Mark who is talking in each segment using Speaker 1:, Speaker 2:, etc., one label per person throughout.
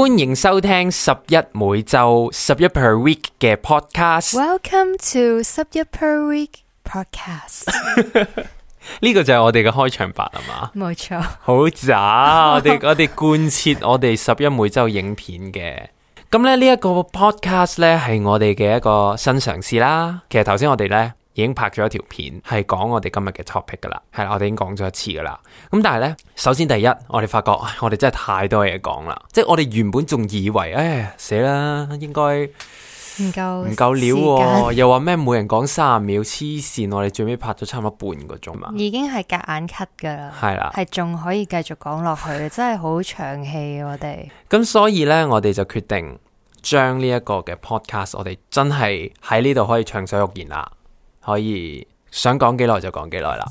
Speaker 1: 歡迎收聽十一每周十一 per week 嘅 podcast。
Speaker 2: Welcome to 十一 per week podcast。
Speaker 1: 呢個就係我哋嘅開場白係嘛？冇錯，好渣我哋我哋貫徹我哋十一每周影片嘅。咁咧呢一個 podcast 咧係我哋嘅一個新嘗試啦。其實頭先我哋咧。已經拍咗一條片，係講我哋今日嘅 topic 噶啦，係啦，我哋已經講咗一次噶啦。咁、嗯、但係呢，首先第一，我哋發覺我哋真係太多嘢講啦，即係我哋原本仲以為誒，死啦，應該
Speaker 2: 唔夠唔夠料、啊，又
Speaker 1: 話咩每人講三十秒，黐線！我哋最尾拍咗差唔多半個鐘嘛，
Speaker 2: 已經係隔硬 cut 噶啦，係啦的，係仲可以繼續講落去， 真係好長氣我哋。
Speaker 1: 咁所以呢，我哋就決定將呢一個嘅 podcast，我哋真係喺呢度可以暢所欲言啦。可以想講幾耐就講幾耐啦。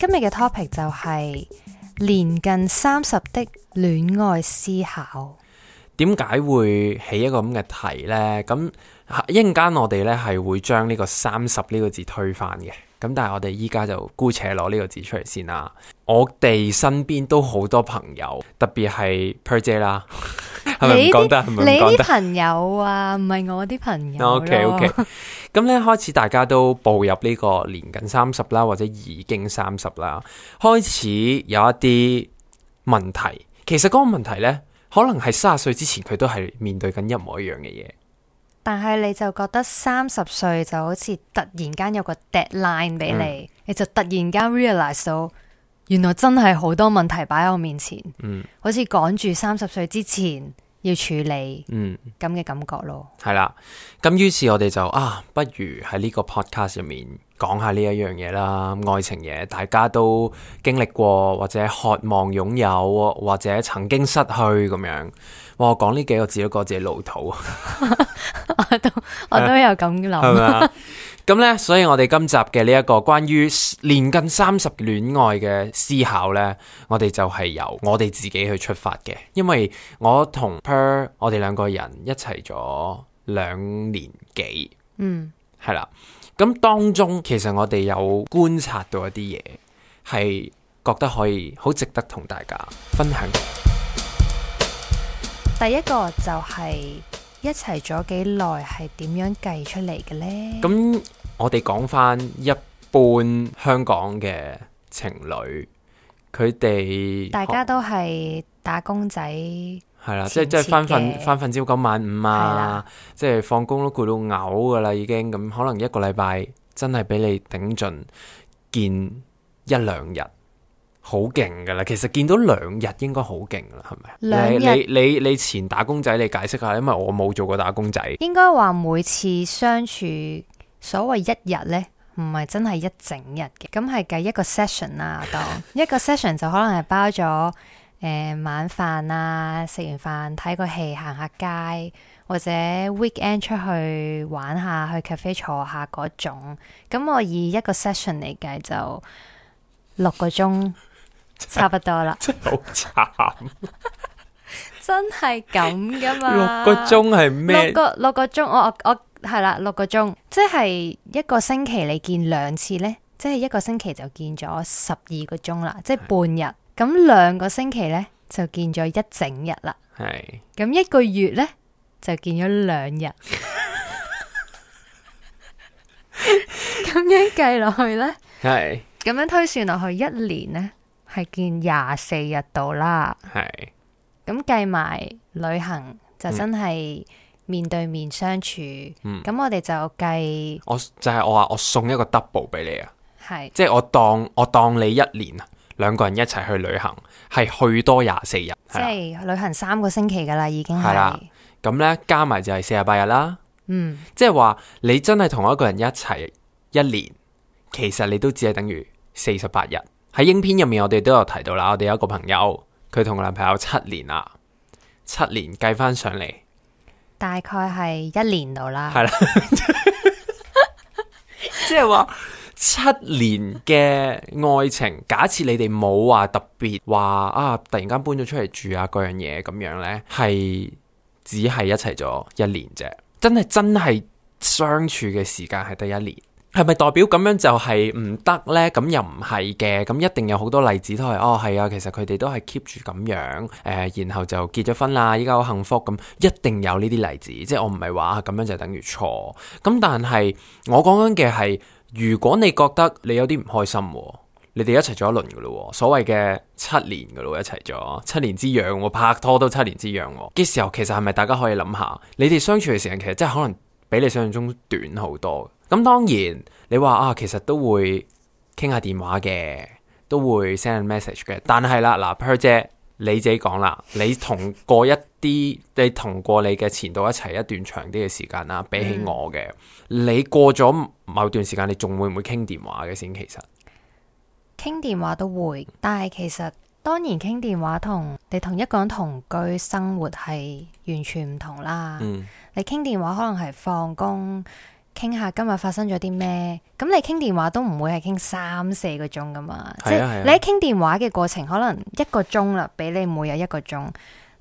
Speaker 2: 今日嘅 topic 就係年近三十的戀愛思考。
Speaker 1: 點解會起一個咁嘅題呢？咁一陣間我哋呢係會將呢個三十呢個字推翻嘅。咁但係我哋依家就姑且攞呢個字出嚟先啦。我哋身邊都好多朋友，特別係 Per 姐啦。 你啲朋
Speaker 2: 友啊，唔係我啲朋友。OK，OK，
Speaker 1: 咁咧開始大家都步入呢個年近三十啦，或者已經三十啦，開始有一啲問題。其實嗰個問題呢，可能係三十歲之前佢都係面對緊一模一樣嘅嘢。
Speaker 2: 但係你就覺得三十歲就好似突然間有個 deadline 俾你，嗯、你就突然間 realize 到，原來真係好多問題擺喺我面前。嗯，好似趕住三十歲之前，要處理，嗯，咁嘅感覺咯，
Speaker 1: 係啦，咁於是我哋就啊，不如喺呢個 podcast 上面講下呢一樣嘢啦，愛情嘢，大家都經歷過或者渴望擁有或者曾經失去咁樣，哇，我講呢幾個字都覺得自己老土， 我
Speaker 2: 都我都有咁諗。
Speaker 1: 咁呢，所以我哋今集嘅呢一個關於年近三十戀愛嘅思考呢，我哋就係由我哋自己去出發嘅。因為我同 Per 我哋兩個人一齊咗兩年幾，
Speaker 2: 嗯，
Speaker 1: 係啦。咁當中其實我哋有觀察到一啲嘢，係覺得可以好值得同大家分享。第
Speaker 2: 一個就係、是。一齊咗幾耐係點樣計出嚟嘅呢？咁、嗯、
Speaker 1: 我哋講翻一般香港嘅情侶，佢哋大家
Speaker 2: 都係打工仔，
Speaker 1: 係啦、嗯，即係即係翻份翻份朝九晚五啊，了即係放工都攰到嘔噶啦，已經咁、嗯，可能一個禮拜真係俾你頂盡見一兩日。好勁噶啦，其實見到兩日應該好勁啦，係咪？兩日你你你，你前打工仔，你解釋下，因為我冇做過打工仔。應
Speaker 2: 該話每次相處所謂一日呢，唔係真係一整日嘅，咁係計一個 session 啦、啊。當 一個 session 就可能係包咗誒、呃、晚飯啊，食完飯睇個戲，行下街，或者 weekend 出去玩下，去咖啡坐下嗰種。咁我以一個 session 嚟計就六個鐘。差不多啦， 真係好慘，真係咁噶嘛？六個鐘係咩？六個六個鐘，我我我係啦，六個鐘，即係一個星期你見兩次呢，即係一個星期就見咗十二個鐘啦，即係半日。咁兩是個星期呢，就見咗一整日啦，係是。咁一個月呢，就見咗兩日，咁 樣計落去呢，
Speaker 1: 係是。
Speaker 2: 咁樣推算落去一年呢，係見廿四日度啦，係咁計埋旅行就真係面對面相處，咁、嗯、我哋就計，
Speaker 1: 我就係、是、我話我送一個 double 俾你啊，
Speaker 2: 係是即係
Speaker 1: 我當我當你一年啊，兩個人一齊去旅行係去多廿四日，啊、即
Speaker 2: 係旅行三個星期噶啦，已經係啦，
Speaker 1: 咁呢、啊、加埋就係四十八日啦，嗯，即係話你真係同一個人一齊一年，其實你都只係等於四十八日。喺影片入面，我哋都有提到啦。我哋有一個朋友，佢同個男朋友七年啦，七年計翻上嚟，
Speaker 2: 大概係一年度啦。係
Speaker 1: 啦的，即係話七年嘅愛情，假設你哋冇話特別話啊，突然間搬咗出嚟住啊，嗰樣嘢咁樣咧，係只係一齊咗一年啫，真係真係相處嘅時間係得一年。係咪代表咁樣就係唔得呢？咁又唔係嘅，咁一定有好多例子都係哦，係啊，其實佢哋都係 keep 住咁樣誒、呃，然後就結咗婚啦，依家好幸福，咁、嗯、一定有呢啲例子。即係我唔係話咁樣就等於錯。咁但係我講緊嘅係，如果你覺得你有啲唔開心，你哋一齊咗一輪噶啦，所謂嘅七年噶啦，一齊咗七年之癢，拍拖都七年之癢嘅時候，其實係咪大家可以諗下，你哋相處嘅時間其實真係可能比你想象中短好多。咁當然，你話啊，其實都會傾下電話嘅，都會 send message 嘅。但係啦，嗱、啊，Per 姐你自己講啦，你同過一啲， 你同過你嘅前度一齊一段長啲嘅時間啦，比起我嘅，嗯、你過咗某段時間，你仲會唔會傾電話嘅先？其實
Speaker 2: 傾電話都會，但係其實當然傾電話同你同一個人同居生活係完全唔同啦。嗯、你傾電話可能係放工。傾下今日發生咗啲咩？咁你傾電話都唔會係傾三四個鐘噶嘛？啊啊、即係你喺傾電話嘅過程，可能一個鐘啦，比你每日一個鐘，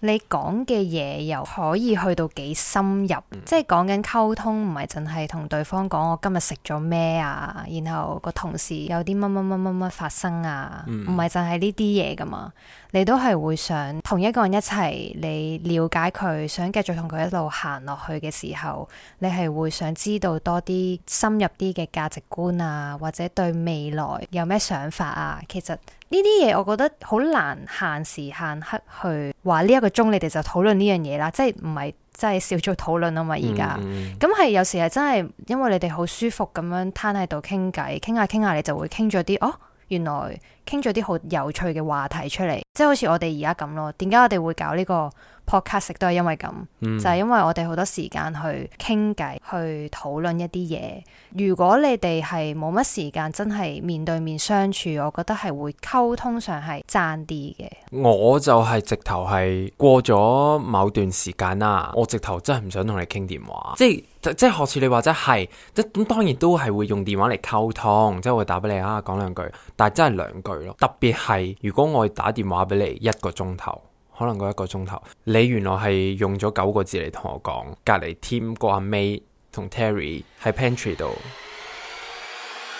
Speaker 2: 你講嘅嘢又可以去到幾深入？嗯、即係講緊溝通，唔係淨係同對方講我今日食咗咩啊？然後個同事有啲乜乜乜乜乜發生啊？唔係淨係呢啲嘢噶嘛？你都係會想同一個人一齊，你了解佢，想繼續同佢一路行落去嘅時候，你係會想知道多啲深入啲嘅價值觀啊，或者對未來有咩想法啊？其實呢啲嘢我覺得好難限時限刻去話呢一個鐘你哋就討論呢樣嘢啦，即係唔係即係少咗討論啊嘛？而家咁係有時係真係因為你哋好舒服咁樣攤喺度傾偈，傾下傾下你就會傾咗啲哦。原來傾咗啲好有趣嘅話題出嚟，即係好似我哋而家咁咯。點解我哋會搞呢個？播卡食都係因為咁，就係、嗯、因為我哋好多時間去傾偈，去討論一啲嘢。如果你哋係冇乜時間，真係面對面相處，我覺得係會溝通上係爭啲嘅。
Speaker 1: 我就係直頭係過咗某段時間啦，我直頭真係唔想同你傾電話，即係即係好似你話真係，即係咁當然都係會用電話嚟溝通，即係會打俾你啊，講兩句，但係真係兩句咯。特別係如果我打電話俾你一個鐘頭。可能過一個鐘頭，你原來係用咗九個字嚟同我講，隔籬 team 個阿 May 同 Terry 喺 pantry 度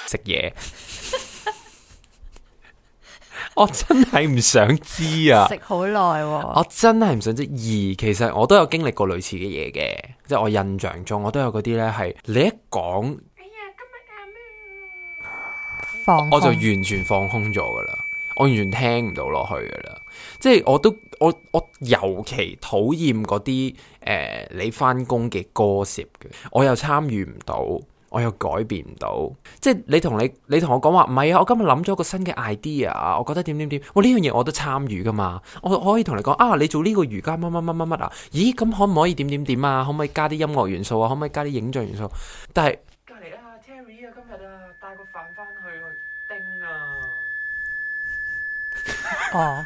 Speaker 1: 食嘢。 我真係唔想知啊！食好耐喎，我真係唔想知。而其實我都有經歷過類似嘅嘢嘅，即係我印象中我都有嗰啲呢，係你一講，哎呀今
Speaker 2: 日搞咩？空我就
Speaker 1: 完全放空咗噶啦。我完全聽唔到落去噶啦，即係我都我我尤其討厭嗰啲誒你翻工嘅歌舌嘅，我又參與唔到，我又改變唔到。即係你同你你同我講話唔係啊，我今日諗咗個新嘅 idea 啊，我覺得點點點，我、哦、呢樣嘢我都參與噶嘛，我我可以同你講啊，你做呢個瑜伽乜乜乜乜乜啊？咦，咁可唔可以點點點啊？可唔可以加啲音樂元素啊？可唔可以加啲影像元素？但係。哦、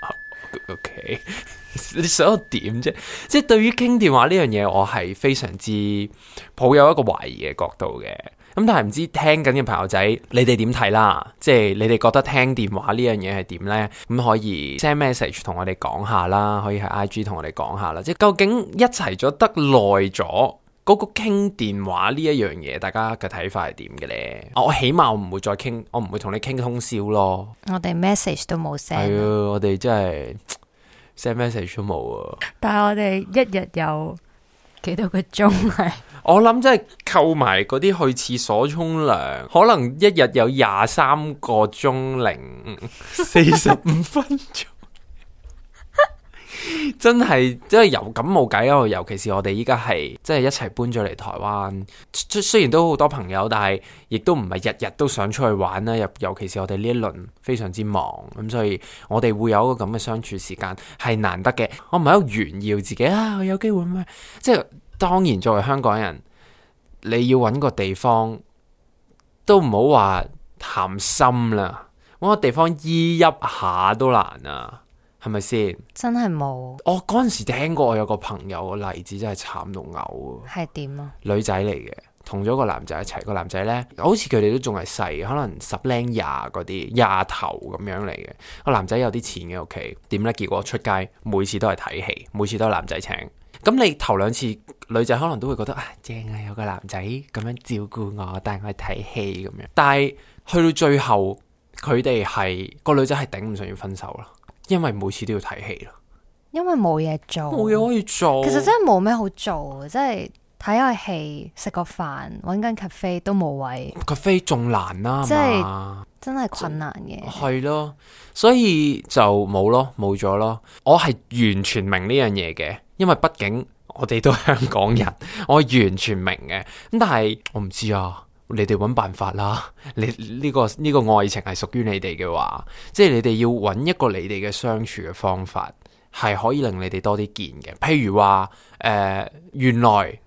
Speaker 1: oh.，OK， 你想我點啫？即係對於傾電話呢樣嘢，我係非常之抱有一個懷疑嘅角度嘅。咁但係唔知聽緊嘅朋友仔，你哋點睇啦？即係你哋覺得聽電話呢樣嘢係點呢？咁可以 send message 同我哋講下啦，可以喺 IG 同我哋講下啦。即係究竟一齊咗得耐咗。嗰個傾電話呢一樣嘢，大家嘅睇法係點嘅咧？我起碼我唔會再傾，我唔會同你傾通宵咯。
Speaker 2: 我哋 message 都冇寫。係啊、哎，
Speaker 1: 我哋真係 send message 都冇啊。
Speaker 2: 但係我哋一日有幾多個鐘係？
Speaker 1: 我諗真係扣埋嗰啲去廁所沖涼，可能一日有廿三個鐘零四十五分鐘。 真係真係有咁冇計啊！尤其是我哋依家係即係一齊搬咗嚟台灣，雖然都好多朋友，但係亦都唔係日日都想出去玩啦。尤其是我哋呢一輪非常之忙，咁、嗯、所以我哋會有一個咁嘅相處時間係難得嘅。我唔係喺度炫耀自己啊？我有機會咩？即係當然作為香港人，你要搵個地方都唔好話談心啦，搵個地方依一下都難啊！係咪先？是是
Speaker 2: 真係冇。Oh,
Speaker 1: 我嗰陣時聽過，有個朋友個例子真係慘到嘔。係點啊？女仔嚟嘅，同咗個男仔一齊。個男仔呢，好似佢哋都仲係細，可能十零廿嗰啲廿頭咁樣嚟嘅。個男仔有啲錢嘅屋企。點呢？結果出街每次都係睇戲，每次都係男仔請。咁你頭兩次女仔可能都會覺得啊，正啊，有個男仔咁樣照顧我，帶我去睇戲咁樣。但係去到最後，佢哋係個女仔係頂唔順要分手咯。因為每次都要睇戲咯，
Speaker 2: 因為冇嘢做，冇
Speaker 1: 嘢可以做。其實真係
Speaker 2: 冇咩好做，即係睇下戲，食個飯，搵緊咖啡都冇位，
Speaker 1: 咖啡仲難啦，即係
Speaker 2: 真係困難嘅。係
Speaker 1: 咯，所以就冇咯，冇咗咯。我係完全明呢樣嘢嘅，因為畢竟我哋都係香港人，我完全明嘅。咁但係我唔知啊。你哋揾辦法啦，你呢、這個呢、這個愛情係屬於你哋嘅話，即係你哋要揾一個你哋嘅相處嘅方法，係可以令你哋多啲見嘅。譬如話，誒、呃、原來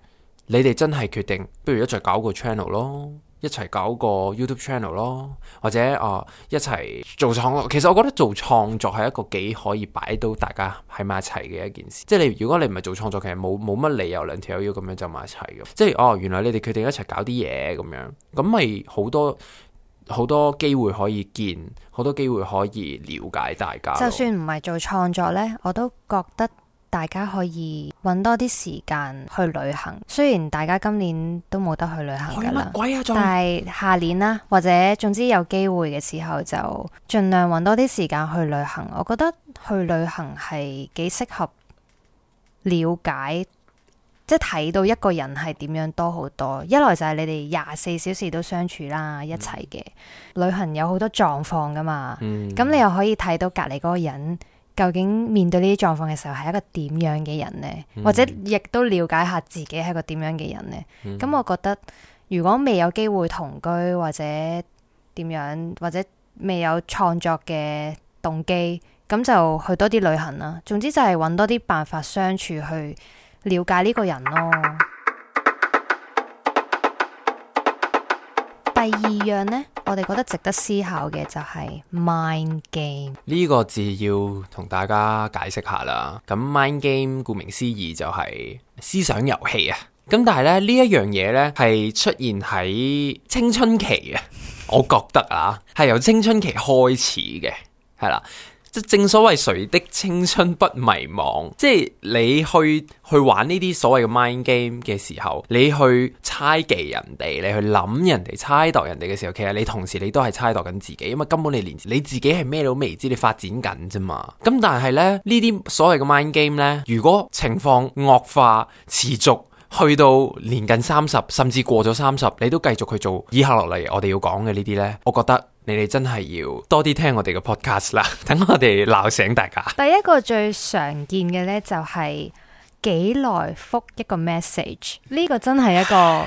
Speaker 1: 你哋真係決定，不如一齊搞個 channel 咯。一齊搞個 YouTube channel 咯，或者啊、呃、一齊做創作。其實我覺得做創作係一個幾可以擺到大家喺埋一齊嘅一件事。即係你，如果你唔係做創作，其實冇冇乜理由兩條友咁樣就埋一齊嘅。即係哦，原來你哋決定一齊搞啲嘢咁樣，咁咪好多好多機會可以見，好多機會可以了解大家。就算
Speaker 2: 唔係做創作呢，我都覺得。大家可以揾多啲時間去旅行，雖然大家今年都冇得去旅行噶啦，啊、但係下年啦，或者總之有機會嘅時候就盡量揾多啲時間去旅行。我覺得去旅行係幾適合了解，即係睇到一個人係點樣多好多。一來就係你哋廿四小時都相處啦，一齊嘅、嗯、旅行有好多狀況噶嘛，咁、嗯、你又可以睇到隔籬嗰個人。究竟面對呢啲狀況嘅時候係一個點樣嘅人呢？或者亦都了解下自己係個點樣嘅人呢？咁、嗯、我覺得，如果未有機會同居或者點樣，或者未有創作嘅動機，咁就去多啲旅行啦。總之就係揾多啲辦法相處，去了解呢個人咯。第二樣呢，我哋覺得值得思考嘅就係 mind game。
Speaker 1: 呢個字要同大家解釋下啦。咁 mind game 顧名思義就係思想遊戲啊。咁但係咧呢一樣嘢呢，係出現喺青春期嘅，我覺得啊係由青春期開始嘅，係啦。正所謂誰的青春不迷茫？即係你去去玩呢啲所謂嘅 mind game 嘅時候，你去猜忌人哋，你去諗人哋，猜度人哋嘅時候，其實你同時你都係猜度緊自己，因為根本你連你自己係咩都未知，你發展緊啫嘛。咁但係咧呢啲所謂嘅 mind game 呢，如果情況惡化持續去到年近三十，甚至過咗三十，你都繼續去做以下落嚟我哋要講嘅呢啲呢，我覺得。你哋真係要多啲聽我哋嘅 podcast 啦，等我哋鬧醒大家。
Speaker 2: 第一個最常見嘅呢，就係、是、幾耐覆一個 message。呢、這個真係一個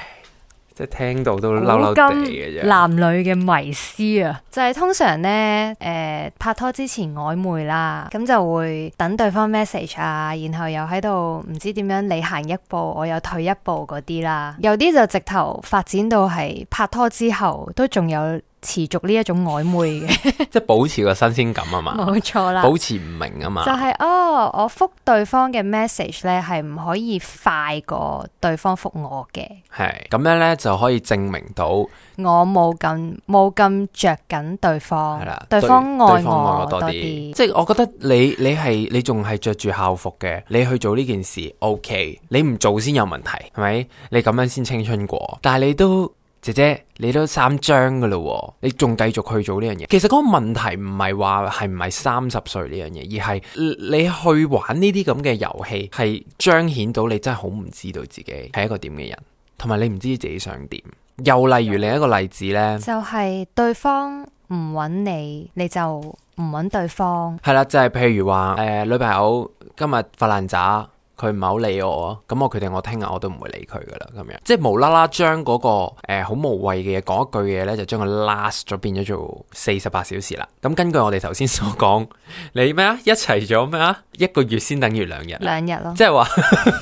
Speaker 1: 即係聽到都嬲嬲地嘅啫。男
Speaker 2: 女嘅迷思啊，就係通常呢，誒、呃、拍拖之前曖昧啦，咁就會等對方 message 啊，然後又喺度唔知點樣你行一步，我又退一步嗰啲啦。有啲就直頭發展到係拍拖之後都仲有。持續呢一種曖昧嘅，
Speaker 1: 即係保持個新鮮感啊嘛，冇錯 錯啦，保持唔明啊嘛、就是，就係
Speaker 2: 哦，我覆對方嘅 message 咧係唔可以快過對方覆我嘅，
Speaker 1: 係咁樣咧就可以證明到
Speaker 2: 我冇咁冇咁着緊對方，係啦，對方愛我多啲，多點即係
Speaker 1: 我覺得你你係你仲係着住校服嘅，你去做呢件事 OK，你唔做先有問題，係咪？你咁樣先青春過，但係你都。姐姐，你都三張噶啦，你仲繼續去做呢樣嘢？其實嗰個問題唔係話係唔係三十歲呢樣嘢，而係你去玩呢啲咁嘅遊戲，係彰顯到你真係好唔知道自己係一個點嘅人，同埋你唔知自己想點。又例如另一個例子呢，
Speaker 2: 就係對方唔搵你，你就唔搵對方。
Speaker 1: 係啦，即 係樂、就係、譬如話，誒、呃，女朋友今日發爛渣。佢唔好理我，啊。咁我決定我聽日我都唔會理佢噶啦，咁樣即係無啦啦將嗰個誒好、呃、無謂嘅嘢，講一句嘢咧，就將佢 last 咗變咗做四十八小時啦。咁根據我哋頭先所講， 你咩啊一齊咗咩啊一個月先等於兩日，兩日咯，即係是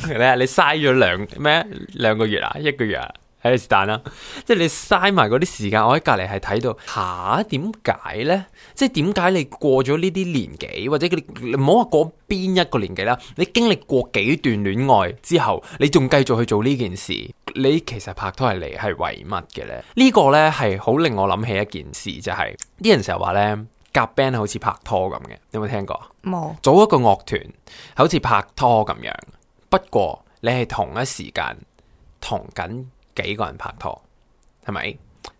Speaker 1: 話 你你嘥咗兩咩兩個月啊一個月啊？啦，即係你嘥埋嗰啲時間，我喺隔籬係睇到吓。點解呢？即係點解你過咗呢啲年紀，或者你唔好話嗰邊一個年紀啦，你經歷過幾段戀愛之後，你仲繼續去做呢件事，你其實拍拖係嚟係為乜嘅呢？呢、呢個呢係好令我諗起一件事，就係、是、啲人成日話呢，夾 band 好似拍拖咁嘅，你有冇聽過？冇。組一個樂團，好似拍拖咁樣，不過你係同一時間同緊。幾個人拍拖係咪？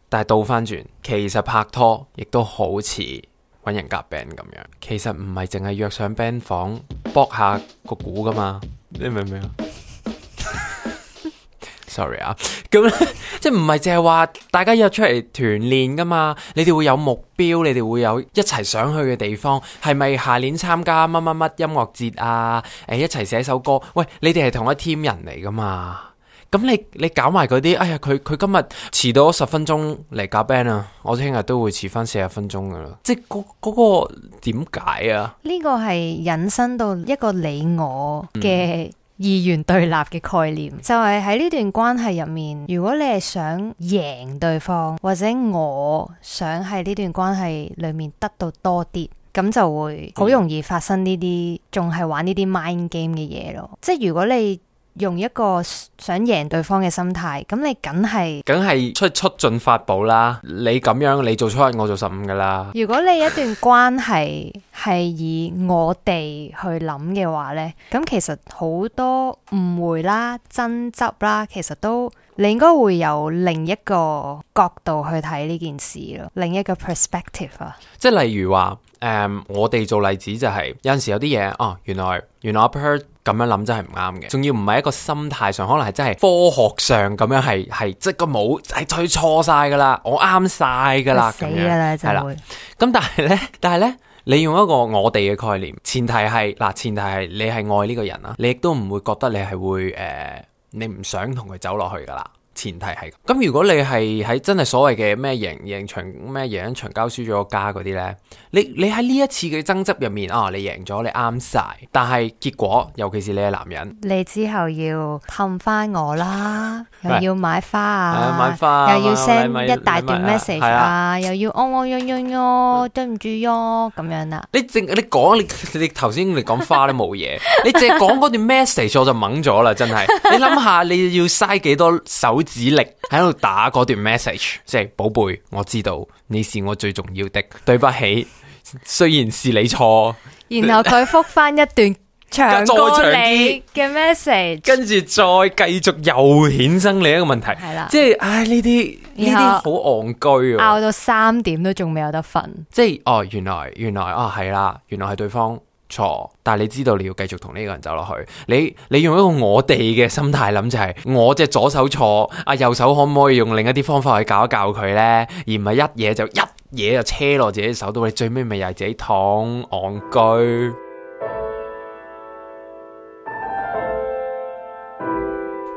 Speaker 1: 但係倒翻轉，其實拍拖亦都好似揾人夾 band 咁樣。其實唔係淨係約上 band 房搏下個鼓噶嘛？你明唔明啊 ？Sorry 啊，咁咧 即係唔係淨係話大家約出嚟團練噶嘛？你哋會有目標，你哋會有一齊想去嘅地方，係咪下年參加乜乜乜音樂節啊？誒，一齊寫首歌？喂，你哋係同一 team 人嚟噶嘛？咁你你搞埋嗰啲，哎呀，佢佢今日遲到十分鐘嚟夾 band 啊，我聽日都會遲翻四十分鐘噶啦。即係嗰、嗰個點解啊？
Speaker 2: 呢個係引申到一個你我嘅二元對立嘅概念，嗯、就係喺呢段關係入面，如果你係想贏對方，或者我想喺呢段關係裏面得到多啲，咁就會好容易發生呢啲仲係玩呢啲 mind game 嘅嘢咯。即係如果你。用一個想贏對方嘅心態，咁你梗係
Speaker 1: 梗係出出盡法寶啦！你咁樣，你做初一，我做十五噶啦。
Speaker 2: 如果你一段關係係以我哋去諗嘅話呢，咁其實好多誤會啦、爭執啦，其實都你應該會有另一個角度去睇呢件事咯，另一個 perspective 啊。
Speaker 1: 即係例如話，誒、嗯，我哋做例子就係、是、有陣時有啲嘢，哦，原來原來咁樣諗真係唔啱嘅，仲要唔係一個心態上，可能係真係科學上咁樣係係，即、就是、個冇係追錯晒噶啦，我啱晒噶啦，死嘅啦就會。咁但係咧，但係咧，你用一個我哋嘅概念，前提係嗱，前提係你係愛呢個人啊，你亦都唔會覺得你係會誒、呃，你唔想同佢走落去噶啦。前提係咁，如果你係喺真係所謂嘅咩贏贏場咩贏贏場交輸咗個家啲咧，你你喺呢一次嘅爭執入面啊，你贏咗，你啱晒，但係結果尤其是你係男人，
Speaker 2: 你之後要氹翻我啦，又要買花啊，麼又要買花啊，又要 send 一大段 message 啊，啊啊又要哦哦喲喲喲對唔住喲，咁樣啊，
Speaker 1: 你淨你講你你頭先你講花都冇嘢，你淨係講段 message 我就懵咗啦，真係， 你諗下你要嘥幾多手？指令喺度打嗰段 message，即係寶貝，我知道你是我最重要的。 對不起，雖然是你錯，
Speaker 2: 然後佢復翻一段長過你嘅 message，
Speaker 1: 跟住再繼續又衍生另一個問題，係
Speaker 2: 啦了，即係唉呢啲呢啲好
Speaker 1: 戇居啊，拗後到
Speaker 2: 三點都仲未有得瞓，
Speaker 1: 即係哦原來原來哦係啦，原來係、哦、對、對方。錯，但係你知道你要繼續同呢個人走落去，你你用一個我哋嘅心態諗就係、是，我隻左手錯，啊右手可唔可以用另一啲方法去教一教佢呢？而唔係一嘢就一嘢就車落自己手度，你最尾咪又係自己躺戇居。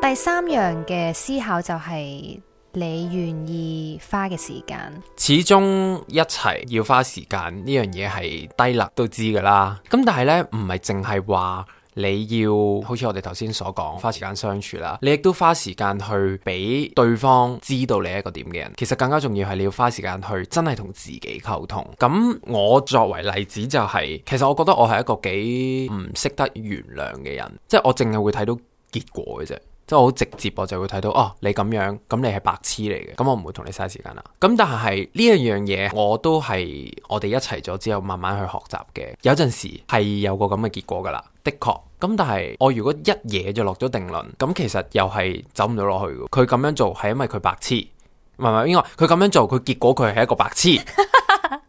Speaker 2: 第三樣嘅思考就係、是。你願意花嘅時間，
Speaker 1: 始終一齊要花時間呢樣嘢係低能，都知噶啦。咁但係呢，唔係淨係話你要，好似我哋頭先所講，花時間相處啦，你亦都花時間去俾對方知道你係一個點嘅人。其實更加重要係你要花時間去真係同自己溝通。咁我作為例子就係，其實我覺得我係一個幾唔識得原諒嘅人，即係我淨係會睇到結果嘅啫。即係好直接，我就會睇到哦，你咁樣，咁你係白痴嚟嘅，咁我唔會同你嘥時間啦。咁但係呢一樣嘢，我都係我哋一齊咗之後，慢慢去學習嘅。有陣時係有個咁嘅結果㗎啦，的確。咁但係我如果一嘢就落咗定論，咁其實又係走唔到落去。佢咁樣做係因為佢白痴，唔係，應該，因為佢咁樣做，佢結果佢係一個白痴。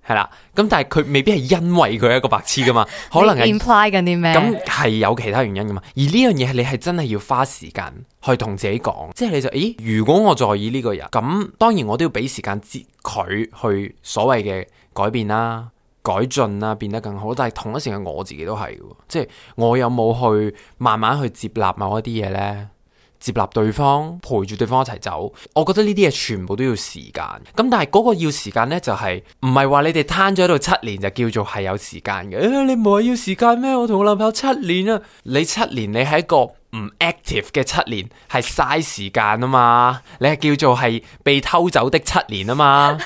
Speaker 1: 係啦，咁但係佢未必係因為佢係一個白痴噶嘛，可能係
Speaker 2: imply 緊啲咩？咁
Speaker 1: 係 有其他原因噶嘛？而呢樣嘢係你係真係要花時間去同自己講，即係你就，咦？如果我在意呢個人，咁當然我都要俾時間接佢去所謂嘅改變啦、改進啦、變得更好。但係同一時間我自己都係，即係我有冇去慢慢去接納某一啲嘢呢？接納對方，陪住對方一齊走，我覺得呢啲嘢全部都要時間。咁但係嗰個要時間呢，就係唔係話你哋攤咗喺度七年就叫做係有時間嘅，哎？你唔係要時間咩？我同我男朋友七年啊，你七年你係一個唔 active 嘅七年，係嘥時間啊嘛，你係叫做係被偷走的七年啊嘛，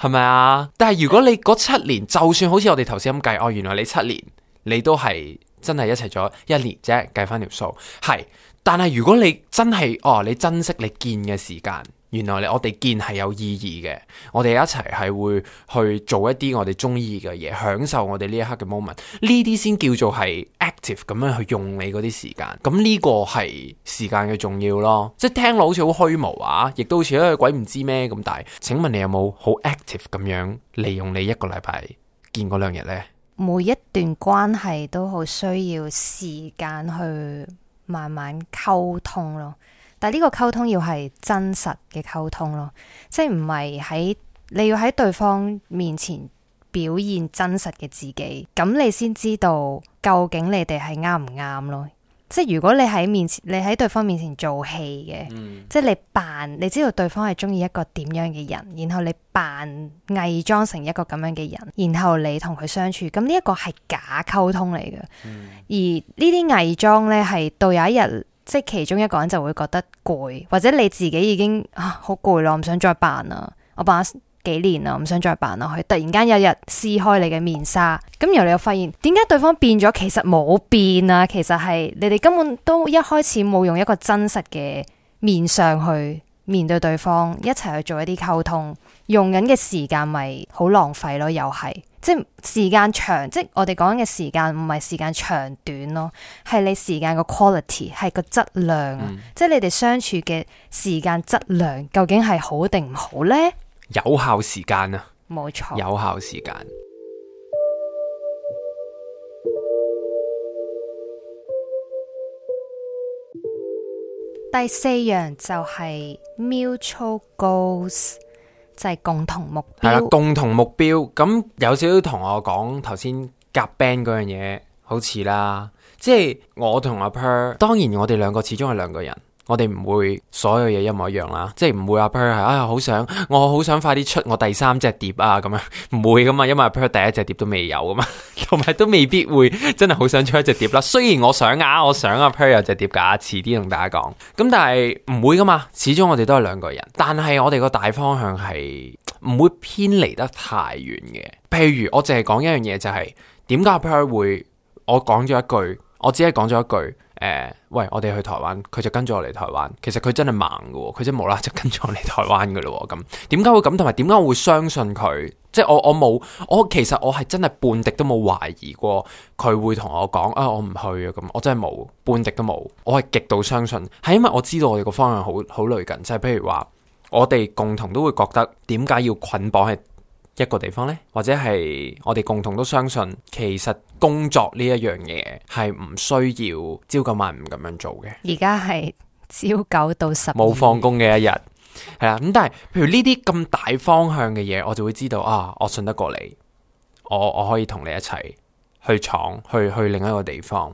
Speaker 1: 係咪啊？但係如果你嗰七年，就算好似我哋頭先咁計，哦，原來你七年，你都係真係一齊咗一年啫，計翻條數係。但係如果你真係哦，你珍惜你見嘅時間，原來你我哋見係有意義嘅，我哋一齊係會去做一啲我哋中意嘅嘢，享受我哋呢一刻嘅 moment，呢啲先叫做係 active 咁樣去用你嗰啲時間。咁、嗯、呢個係時間嘅重要咯，即係聽落好似好虛無啊，亦都好似一個鬼唔知咩咁。但係，請問你有冇好 active 咁樣利用你一個禮拜見嗰兩日呢？
Speaker 2: 每一段關係都好需要時間去。慢慢溝通咯，但係呢個溝通要係真實嘅溝通咯，即係唔係喺你要喺對方面前表現真實嘅自己，咁你先知道究竟你哋係啱唔啱咯。即係如果你喺面前，你喺對方面前做戲嘅，嗯、即係你扮，你知道對方係中意一個點樣嘅人，然後你扮偽裝成一個咁樣嘅人，然後你同佢相處，咁呢一個係假溝通嚟嘅。嗯、而呢啲偽裝呢，係到有一日，即係其中一個人就會覺得攰，或者你自己已經啊好攰咯，唔想再扮啦，我扮。幾年啦，唔想再扮落去。突然間有日撕開你嘅面紗，咁然後你又發現點解對方變咗？其實冇變啊，其實係你哋根本都一開始冇用一個真實嘅面相去面對對方，一齊去做一啲溝通，用緊嘅時間咪好浪費咯？又係即係時間長，即係我哋講緊嘅時間唔係時間長短咯，係你時間個 quality 係個質量啊，嗯、即係你哋相處嘅時間質量究竟係好定唔好呢？
Speaker 1: 有效時間啊，
Speaker 2: 冇錯錯。
Speaker 1: 有效時間。
Speaker 2: 第四樣就係 mutual goals，就係共同目標。係啦，
Speaker 1: 共同目標。咁有少少同我講頭先夾 band 嗰樣嘢，好似啦，即係我同阿 Per，當然我哋兩個始終係兩個人。我哋唔會所有嘢一模一樣啦，即係唔會阿 Per 係，啊，好、哎、想，我好想快啲出我第三隻碟啊咁樣，唔會噶嘛，因為阿 Per 第一隻碟都未有噶嘛，同埋都未必會真係好想出一隻碟啦。 雖然我想啊，我想阿、啊、Per 有隻碟噶，遲啲同大家講。咁但係唔會噶嘛，始終我哋都係兩個人，但係我哋個大方向係唔會偏離得太遠嘅。譬如我淨係講一樣嘢就係、是，點解阿 Per 會？我講咗一句，我只係講咗一句。誒，喂，我哋去台灣，佢就跟住我嚟台灣。其實佢真係盲噶，佢真係無啦啦就跟住我嚟台灣噶啦。咁點解會咁？同埋點解我會相信佢？即係我我冇，我，我其實我係真係半滴都冇懷疑過佢會同我講啊、哎，我唔去啊。咁我真係冇半滴都冇，我係極度相信，係因為我知道我哋個方向好好類近。即係譬如話，我哋共同都會覺得點解要捆綁係？一個地方呢，或者係我哋共同都相信，其實工作呢一樣嘢係唔需要朝九晚五咁樣做嘅。
Speaker 2: 而家係朝九到十，冇放
Speaker 1: 工嘅一日，係啦。 咁但係，譬如呢啲咁大方向嘅嘢，我就會知道啊，我信得過你，我我可以同你一齊。去闖，去去另一個地方。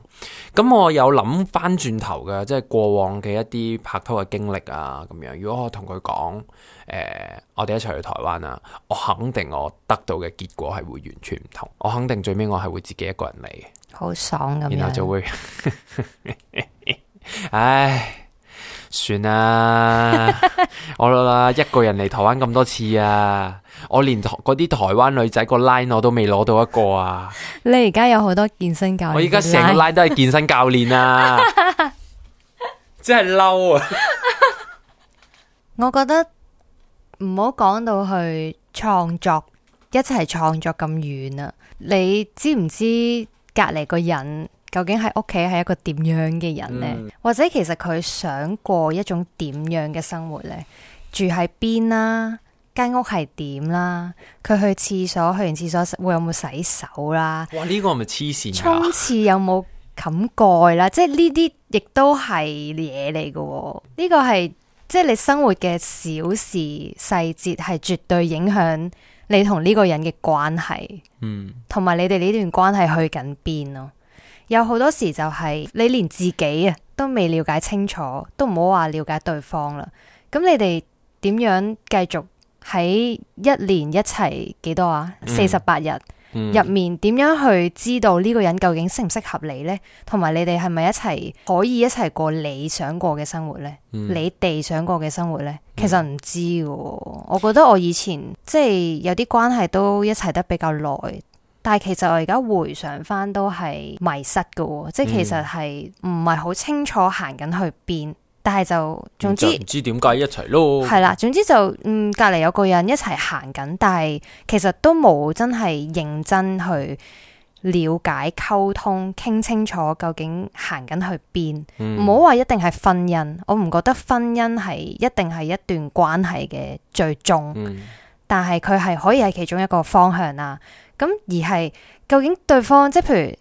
Speaker 1: 咁、嗯、我有諗翻轉頭嘅，即係過往嘅一啲拍拖嘅經歷啊，咁樣。如果我同佢講，誒、呃，我哋一齊去台灣啊，我肯定我得到嘅結果係會完全唔同。我肯定最尾我係會自己一個人嚟，好爽咁。然後就會， 唉。算啦， 我啦一個人嚟台灣咁多次啊，我連台嗰啲台灣女仔個 line 我都未攞到一個啊。
Speaker 2: 你而家有好多健身教練，我而家成個 line 都係健
Speaker 1: 身教練啊， 真係嬲啊！
Speaker 2: 我覺得唔好講到去創作一齊創作咁遠啊。你知唔知隔籬個人？究竟喺屋企係一個點樣嘅人呢？嗯、或者其實佢想過一種點樣嘅生活呢？住喺邊啦，間屋係點啦？佢去廁所去完廁所會有冇洗手啦，啊？哇！
Speaker 1: 呢，這個係咪黐線？沖
Speaker 2: 廁有冇冚蓋啦？即係呢啲亦都係嘢嚟嘅。呢個係即係你生活嘅小事細節，係絕對影響你同呢個人嘅關係。嗯，同埋你哋呢段關係去緊邊咯？有好多時就係你連自己啊都未了解清楚，都唔好話了解對方啦。咁你哋點樣繼續喺一年一齊幾多啊？四十八日入面點樣去知道呢個人究竟適唔適合你呢？同埋你哋係咪一齊可以一齊過你想過嘅生活呢？嗯、你哋想過嘅生活呢？嗯、其實唔知嘅。我覺得我以前即係有啲關係都一齊得比較耐。但係其實我而家回想翻都係迷失㗎、哦，即係其實係唔係好清楚行緊去邊，但係就總之唔、嗯、
Speaker 1: 知點解一齊咯。係啦，總
Speaker 2: 之就嗯隔籬有個人一齊行緊，但係其實都冇真係認真去了解、溝通、傾清楚究竟行緊去邊，唔好話一定係婚姻，我唔覺得婚姻係一定係一段關係嘅最終。嗯但係佢係可以係其中一個方向啦，咁而係究竟對方即係譬如誒、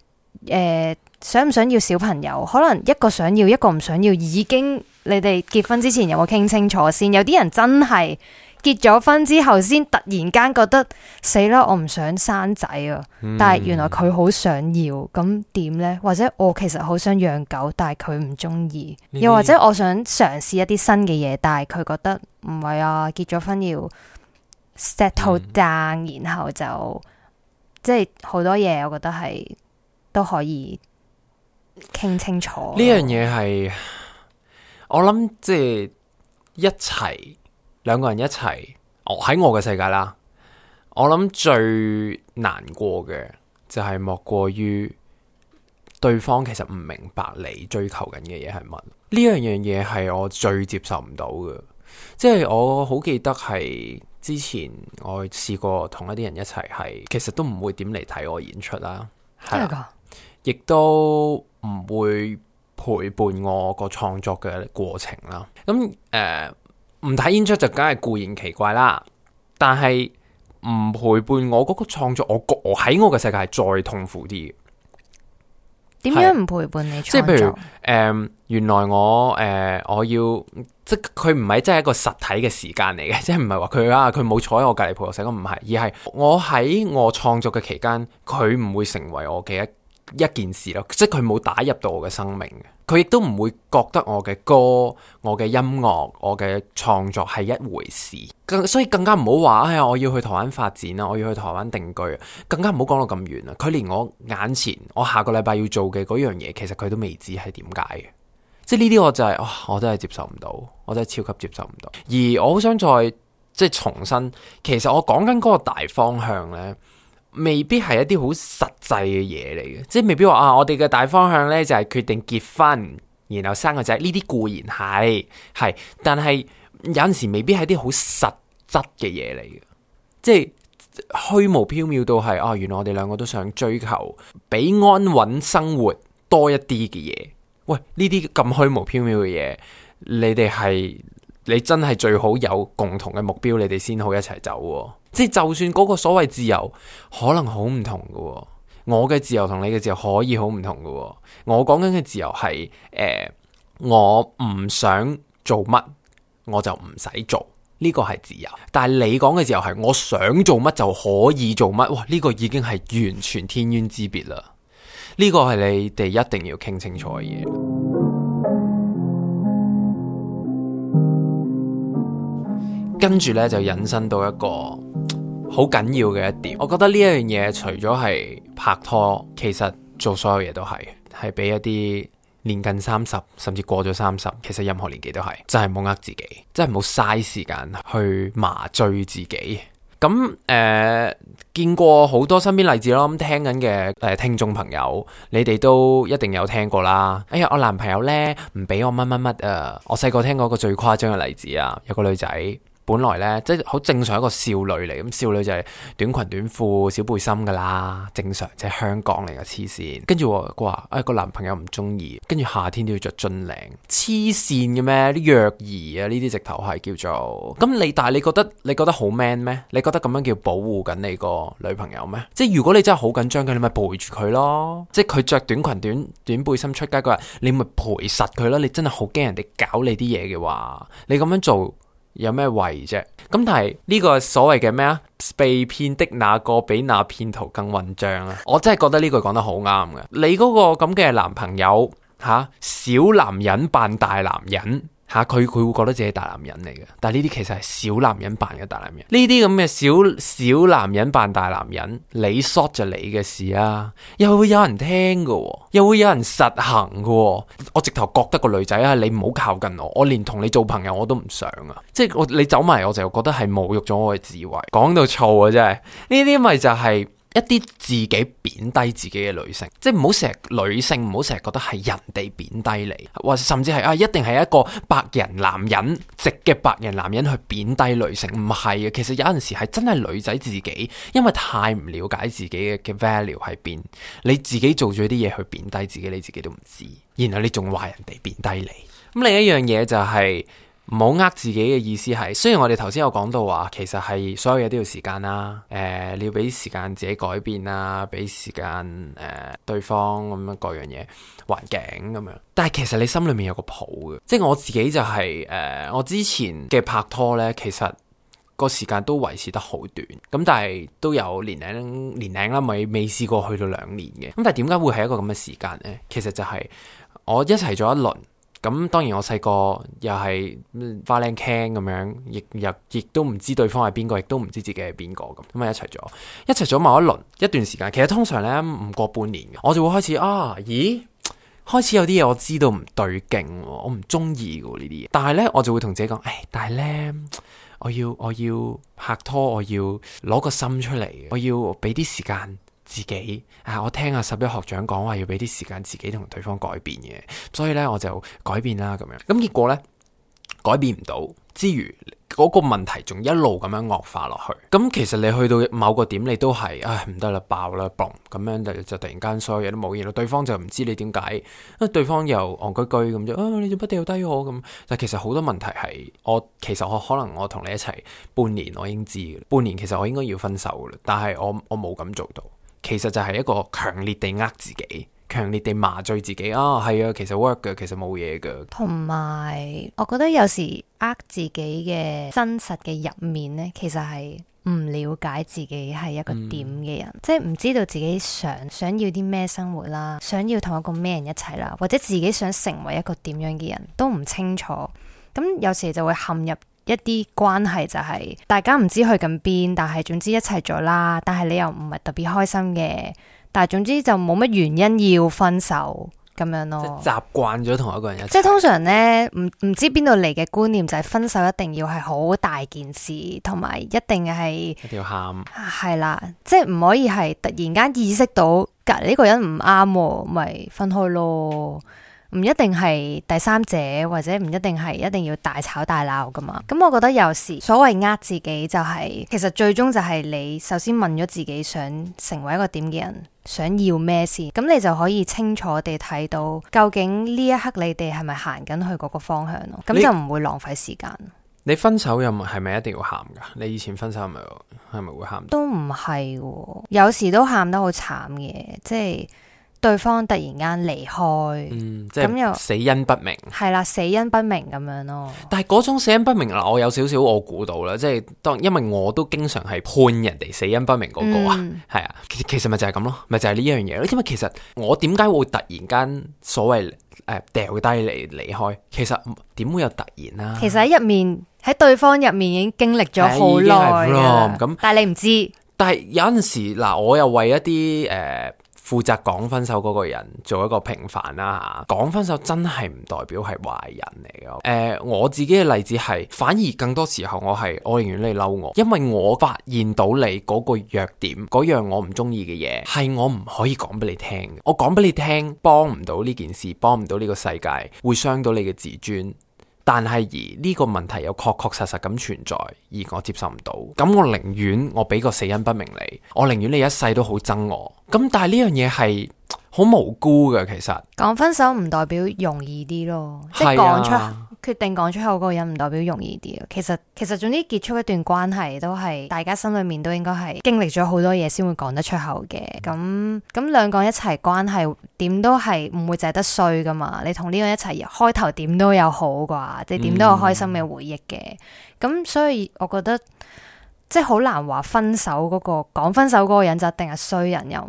Speaker 2: 呃、想唔想要小朋友，可能一個想要一個唔想要，已經你哋結婚之前有冇傾清楚先？有啲人真係結咗婚之後先突然間覺得死啦、嗯，我唔想生仔啊！嗯、但係原來佢好想要，咁點呢？或者我其實好想養狗，但係佢唔中意，又或者我想嘗試一啲新嘅嘢，但係佢覺得唔係啊，結咗婚要。settle down，然後就、嗯、即係好多嘢，我覺得係都可以傾清楚。呢樣
Speaker 1: 嘢係我諗，即係一齊兩個人一齊，哦、我喺我嘅世界啦。我諗最難過嘅就係莫過於對方其實唔明白你追求緊嘅嘢係乜。呢樣樣嘢係我最接受唔到嘅，即係我好記得係。之前我試過同一啲人一齊係，其實都唔會點嚟睇我演出啦，係亦都唔會陪伴我個創作嘅過程啦。咁誒，唔、呃、睇演出就梗係固然奇怪啦，但係唔陪伴我嗰個創作，我我喺我嘅世界係再痛苦啲
Speaker 2: 點樣唔陪伴你？即係譬如，
Speaker 1: 誒、呃，原來我誒、呃，我要即係佢唔係真係一個實體嘅時間嚟嘅，即係唔係話佢啊，佢冇坐喺我隔籬陪我寫歌，唔係，而係我喺我創作嘅期間，佢唔會成為我嘅一,一件事咯，即係佢冇打入到我嘅生命。佢亦都唔會覺得我嘅歌、我嘅音樂、我嘅創作係一回事，更所以更加唔好話哎呀！我要去台灣發展啊，我要去台灣定居，更加唔好講到咁遠啊！佢連我眼前我下個禮拜要做嘅嗰樣嘢，其實佢都未知係點解嘅，即係呢啲我就係、是、哇、哦，我真係接受唔到，我真係超級接受唔到。而我好想再即係重申，其實我講緊嗰個大方向呢，未必係一啲好實際嘅嘢嚟嘅，即係未必話啊！我哋嘅大方向呢就係、是、決定結婚，然後生個仔。呢啲固然係係，但係有陣時未必係啲好實質嘅嘢嚟嘅，即係虛無縹緲到係哦。原來我哋兩個都想追求比安穩生活多一啲嘅嘢。喂，呢啲咁虛無縹緲嘅嘢，你哋係你真係最好有共同嘅目標，你哋先好一齊走喎。即係就算嗰個所謂自由可能好唔同㗎喎。我嘅自由同你嘅自由可以好唔同㗎喎。我講緊嘅自由係，誒，我唔想做乜，我就唔使做，呢個係自由。但係你講嘅自由係，我想做乜就可以做乜。哇，呢個已經係完全天淵之別啦。呢個係你哋一定要傾清楚嘅嘢。 跟住呢，就引申到一個好緊要嘅一點，我覺得呢一樣嘢除咗係拍拖，其實做所有嘢都係，係俾一啲年近三十甚至過咗三十，其實任何年紀都係，真係唔好呃自己，真係唔好嘥時間去麻醉自己。咁誒、呃，見過好多身邊例子啦，咁聽緊嘅誒聽眾朋友，你哋都一定有聽過啦。哎呀，我男朋友呢，唔俾我乜乜乜啊！我細個聽過一個最誇張嘅例子啊，有個女仔。本來呢，即係好正常一個少女嚟，咁少女就係短裙短褲小背心噶啦，正常即係香港嚟嘅黐線。跟住我哥話：哎，個男朋友唔中意，跟住夏天都要着樽領，黐線嘅咩？啲弱兒啊，呢啲直頭係叫做。咁你但係你覺得你覺得好 man 咩？你覺得咁樣叫保護緊你個女朋友咩？即係如果你真係好緊張佢，你咪陪住佢咯。即係佢着短裙短短背心出街，佢話你咪陪實佢咯。你真係好驚人哋搞你啲嘢嘅話，你咁樣做。有咩為啫？咁但係呢個所謂嘅咩啊？被騙的那個比那騙徒更混賬啊！我真係覺得呢句講得好啱嘅。你嗰個咁嘅男朋友吓、啊，小男人扮大男人。吓，佢佢會覺得自己係大男人嚟嘅，但係呢啲其實係小男人扮嘅，大男人。呢啲咁嘅小小男人扮大男人，你 short 就你嘅事啊，又會有人聽噶喎，又會有人實行噶喎。我直頭覺得個女仔啊，你唔好靠近我，我連同你做朋友我都唔想啊！即係我你走埋，我就覺得係侮辱咗我嘅智慧，講到燥啊！真係呢啲咪就係、是。一啲自己貶低自己嘅女性，即係唔好成日女性，唔好成日覺得係人哋貶低你，或甚至係啊，一定係一個白人男人，直嘅白人男人去貶低女性，唔係啊，其實有陣時係真係女仔自己，因為太唔了解自己嘅嘅 value 喺邊，你自己做咗啲嘢去貶低自己，你自己都唔知，然後你仲話人哋貶低你。咁，嗯，另一樣嘢就係，是。唔好呃自己嘅意思係，雖然我哋頭先有講到話，其實係所有嘢都要時間啦，誒、呃，你要俾時間自己改變啦，俾時間誒、呃、對方咁樣各樣嘢環境咁樣。但係其實你心裏面有個譜嘅，即係我自己就係、是、誒、呃，我之前嘅拍拖呢，其實個時間都維持得好短，咁但係都有年零年零啦，未未試過去到兩年嘅。咁但係點解會係一個咁嘅時間呢？其實就係我一齊咗一輪。咁當然我細個又係花靚 k e 咁樣，亦又亦都唔知對方係邊個，亦都唔知，都知自己係邊個咁，咁咪一齊咗，一齊咗某一輪一段時間。其實通常咧唔過半年嘅，我就會開始啊，咦，開始有啲嘢我知道唔對勁喎，我唔中意嘅呢啲嘢。但係咧我就會同自己講，誒、哎，但係咧我要我要拍拖，我要攞個心出嚟，我要俾啲時間。自己啊，我聽阿十一學長講話要俾啲時間自己同對方改變嘅，所以呢，我就改變啦咁樣。咁結果呢，改變唔到之餘，嗰個問題仲一路咁樣惡化落去。咁其實你去到某個點，你都係唉唔得啦，爆啦，嘣咁樣就突然間所有嘢都冇嘢啦。對方就唔知你點解，啊對方又戇居居咁樣。啊你做乜掉低我咁？但其實好多問題係我，其實我可能我同你一齊半年，我已經知嘅。半年其實我應該要分手噶啦，但係我我冇咁做到。其實就係一個強烈地呃自己，強烈地麻醉自己啊，係啊，其實 work 嘅，其實冇嘢嘅。
Speaker 2: 同埋，我覺得有時呃自己嘅真實嘅入面呢，其實係唔了解自己係一個點嘅人，嗯、即係唔知道自己想想要啲咩生活啦，想要同一個咩人一齊啦，或者自己想成為一個點樣嘅人都唔清楚。咁有時就會陷入一啲關係就係、是、大家唔知去緊邊，但係總之一齊咗啦。但係你又唔係特別開心嘅，但係總之就冇乜原因要分手咁樣咯。即
Speaker 1: 係習慣咗同一個人一齊，一即係通
Speaker 2: 常呢，唔唔知邊度嚟嘅觀念就係分手一定要係好大件事，同埋一定係一定要喊係啦，即係唔可以係突然間意識到隔離呢個人唔啱，啊，咪分開咯。唔一定係第三者，或者唔一定係一定要大吵大鬧噶嘛。咁我覺得有時所謂呃自己、就是，就係其實最終就係你首先問咗自己想成為一個點嘅人，想要咩先，咁你就可以清楚地睇到究竟呢一刻你哋係咪行緊去嗰個方向咯。咁就唔會浪費時間。
Speaker 1: 你分手又係咪一定要喊噶？你以前分手係咪係咪會喊？都
Speaker 2: 唔係，有時都喊得好慘嘅，即係。對方突然間離開，
Speaker 1: 咁、嗯、又死因不明，
Speaker 2: 係啦，死因不明咁樣咯。
Speaker 1: 但係嗰種死因不明啦，我有少少我估到啦，即係當因為我都經常係判人哋死因不明嗰、那個啊，係、嗯、啊，其實其實咪就係咁咯，咪就係、是、呢樣嘢。因為其實我點解會突然間所謂誒掉低嚟離開，其實點會有突然啊？其
Speaker 2: 實喺入面，喺對方入面已經經歷咗好耐咯，咁
Speaker 1: 但係你唔知。但係有陣時嗱、呃，我又為一啲誒。呃負責講分手嗰個人做一個平凡啦，吓，講、啊、分手真係唔代表係壞人嚟嘅。誒、啊，我自己嘅例子係，反而更多時候我係我寧願你嬲我，因為我發現到你嗰個弱點，嗰樣我唔中意嘅嘢，係我唔可以講俾你聽。我講俾你聽，幫唔到呢件事，幫唔到呢個世界，會傷到你嘅自尊。但係而呢個問題又確確實實咁存在，而我接受唔到，咁我寧願我俾個死因不明你，我寧願你一世都好憎我。咁但係呢樣嘢係好無辜嘅，其實
Speaker 2: 講分手唔代表容易啲咯，啊、即係講出。決定講出口嗰個人唔代表容易啲，其實其實，總之結束一段關係都係大家心裏面都應該係經歷咗好多嘢先會講得出口嘅。咁咁兩個人一齊關係點都係唔會淨係得衰噶嘛？你同呢個一齊開頭點都有好啩，即係點都有開心嘅回憶嘅。咁所以我覺得即係好難話分手嗰，嗰個講分手嗰個人就一定係衰人，又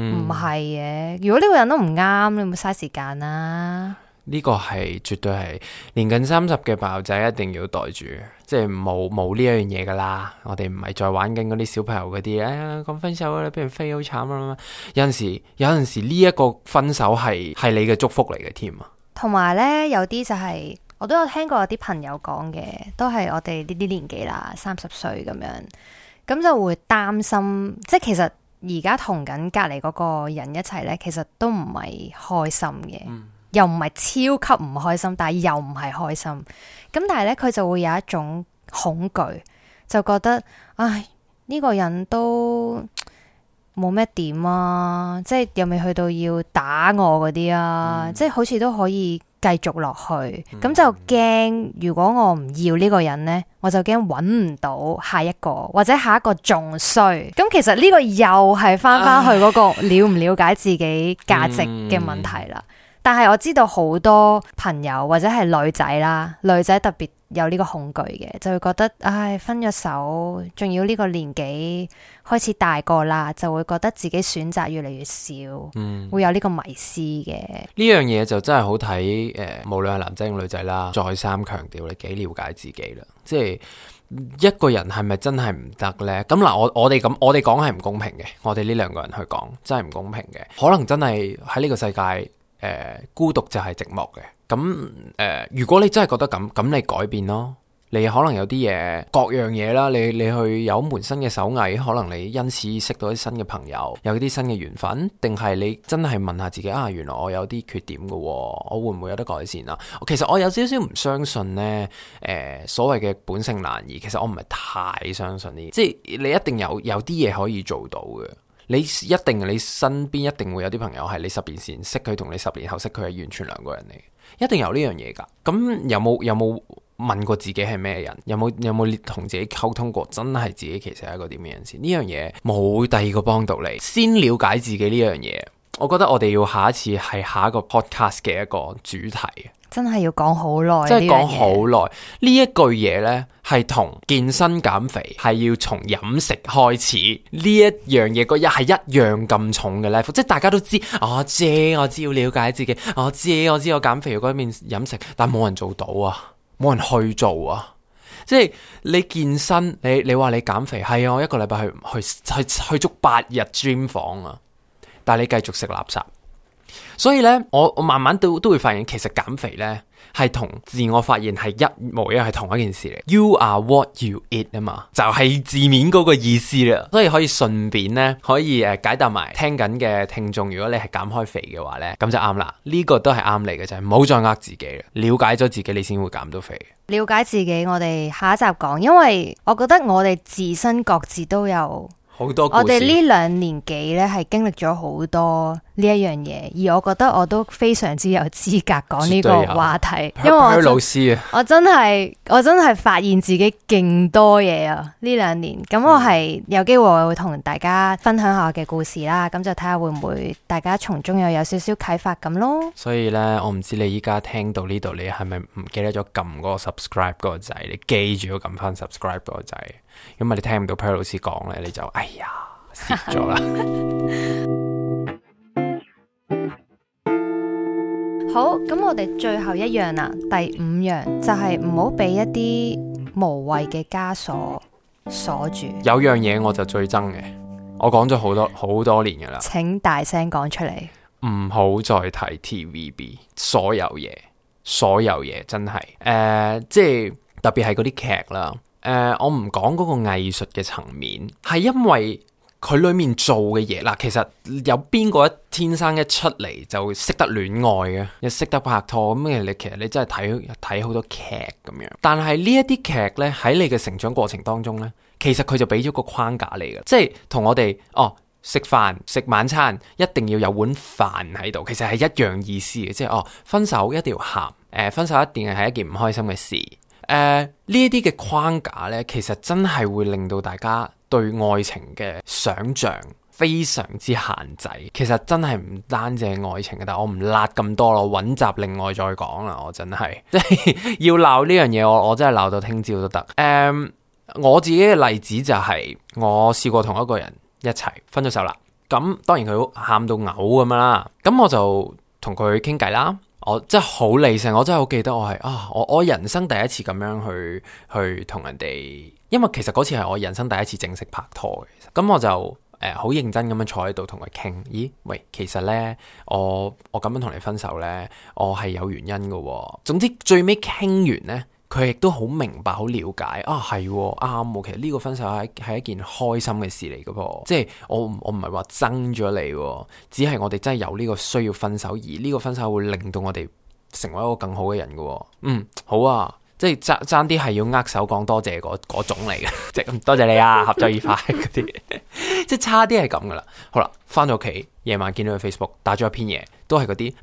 Speaker 2: 唔係嘅。如果呢個人都唔啱，你咪嘥時間啊？
Speaker 1: 呢個係絕對係年近三十嘅朋友仔，一定要袋住，即係冇冇呢一樣嘢噶啦。我哋唔係再玩緊嗰啲小朋友嗰啲，哎呀，咁分手咧，啊，俾人飛好慘啊！有陣時，有陣時呢一個分手係係你嘅祝福嚟嘅添啊。
Speaker 2: 同埋呢，有啲就係、是、我都有聽過有啲朋友講嘅，都係我哋呢啲年紀啦，三十歲咁樣，咁就會擔心，即係其實而家同緊隔籬嗰個人一齊呢，其實都唔係開心嘅。嗯又唔係超級唔開心，但係又唔係開心。咁但係咧，佢就會有一種恐懼，就覺得唉，呢、這個人都冇咩點啊，即係又未去到要打我嗰啲啊，嗯、即係好似都可以繼續落去。咁、嗯、就驚如果我唔要呢個人呢，我就驚揾唔到下一個，或者下一個仲衰。咁其實呢個又係翻翻去嗰個了唔了解自己價值嘅問題啦。啊但係我知道好多朋友或者係女仔啦，女仔特別有呢個恐懼嘅，就會覺得唉，分咗手，仲要呢個年紀開始大個啦，就會覺得自己選擇越嚟越少，嗯、會有呢個迷思嘅。
Speaker 1: 呢樣嘢就真係好睇，誒、呃，無論係男仔定女仔啦，再三強調你幾了解自己啦，即係一個人係咪真係唔得呢？咁嗱，我我哋咁我哋講係唔公平嘅，我哋呢兩個人去講真係唔公平嘅，可能真係喺呢個世界。誒、呃，孤獨就係寂寞嘅，咁、嗯、誒、呃，如果你真係覺得咁，咁你改變咯，你可能有啲嘢，各樣嘢啦，你你去有門新嘅手藝，可能你因此識到啲新嘅朋友，有啲新嘅緣分，定係你真係問下自己啊，原來我有啲缺點嘅，我會唔會有得改善啊？其實我有少少唔相信呢，誒、呃，所謂嘅本性難移，其實我唔係太相信呢，即係你一定有有啲嘢可以做到嘅。你一定，你身邊一定會有啲朋友係你十年前識佢，同你十年後識佢係完全兩個人嚟，一定有呢樣嘢噶。咁有冇有冇問過自己係咩人？有冇有冇同自己溝通過？真係自己其實係一個點樣人先？呢樣嘢冇第二個幫到你，先了解自己呢樣嘢。我覺得我哋要下一次係下一個 podcast 嘅一個主題。
Speaker 2: 真係要講好耐，即係講好
Speaker 1: 耐呢一句嘢呢，係同健身減肥係要從飲食開始呢一,一,一樣嘢，個一係一樣咁重嘅 life。即係大家都知，啊，知我知要了解自己，啊，知我知我減肥嗰邊飲食，但冇人做到啊，冇人去做啊。即係你健身，你你話你減肥係啊，我一個禮拜去去去去足八日 gym 房啊，但係你繼續食垃圾。所以咧，我我慢慢都都會發現，其實減肥呢係同自我發現係一模一樣，係同一件事嚟。You are what you eat 啊嘛，就係字面嗰個意思啦。所以可以順便咧，可以誒解答埋聽緊嘅聽眾。如果你係減開肥嘅話呢，咁就啱啦。呢個都係啱你嘅就係，唔好再呃自己啦。了解咗自己，你先會減到肥。
Speaker 2: 了解自己，我哋下一集講，因為我覺得我哋自身各自都有。
Speaker 1: 好多。我哋呢
Speaker 2: 兩年幾咧，係經歷咗好多呢一樣嘢，而我覺得我都非常之有資格講呢個話題，啊、因為普普老師啊，我真係我真係發現自己勁多嘢啊！呢兩年，咁、嗯、我係有機會我會同大家分享下我嘅故事啦，咁就睇下會唔會大家從中又有少少啟發咁咯。
Speaker 1: 所以呢，我唔知你依家聽到呢度，你係咪唔記得咗撳嗰個 subscribe 嗰個仔？你記住要撳翻 subscribe 嗰個仔。因為你聽唔到 Per 老師講咧，你就哎呀，蝕咗啦。
Speaker 2: 好，咁我哋最後一樣啦，第五樣就係唔好俾一啲無謂嘅枷鎖鎖住。
Speaker 1: 有樣嘢我就最憎嘅，我講咗好多好多年噶啦，
Speaker 2: 請大聲講出嚟，
Speaker 1: 唔好再睇 TVB 所有嘢，所有嘢真係誒、呃，即係特別係嗰啲劇啦。誒、呃，我唔講嗰個藝術嘅層面，係因為佢裏面做嘅嘢啦，其實有邊個天生一出嚟就識得戀愛嘅，又識得拍拖咁。其實你其實你真係睇睇好多劇咁樣。但係呢一啲劇呢，喺你嘅成長過程當中呢，其實佢就俾咗個框架你㗎，即係同我哋哦食飯食晚餐一定要有碗飯喺度，其實係一樣意思嘅，即係哦分手一定要喊，誒、呃、分手一定係一件唔開心嘅事。誒，呢啲嘅框架呢，其實真係會令到大家對愛情嘅想象非常之限制。其實真係唔單止係愛情嘅，但我唔辣咁多啦，我揾集另外再講啦，我真係即係要鬧呢樣嘢，我我真係鬧到聽朝都得。誒、呃，我自己嘅例子就係、是、我試過同一個人一齊分咗手啦。咁當然佢喊到嘔咁樣啦，咁我就同佢傾偈啦。我真係好理性，我真係好記得我係啊！我我人生第一次咁樣去去同人哋，因為其實嗰次係我人生第一次正式拍拖嘅，咁我就誒好、呃、認真咁樣坐喺度同佢傾。咦、欸，喂，其實呢，我我咁樣同你分手呢，我係有原因嘅、哦。總之最尾傾完呢。佢亦都好明白、好了解啊，係啱喎。其實呢個分手係係一件開心嘅事嚟噶噃，即係我我唔係話憎咗你、喎，只係我哋真係有呢個需要分手，而呢個分手會令到我哋成為一個更好嘅人噶、哦。嗯，好啊。即係爭爭啲係要握手講多謝嗰嗰、那個、種嚟嘅，即係咁多謝你啊，合作愉快」嗰啲， 即係差啲係咁噶啦。好啦，翻到屋企，夜晚見到佢 Facebook 打咗一篇嘢，都係嗰啲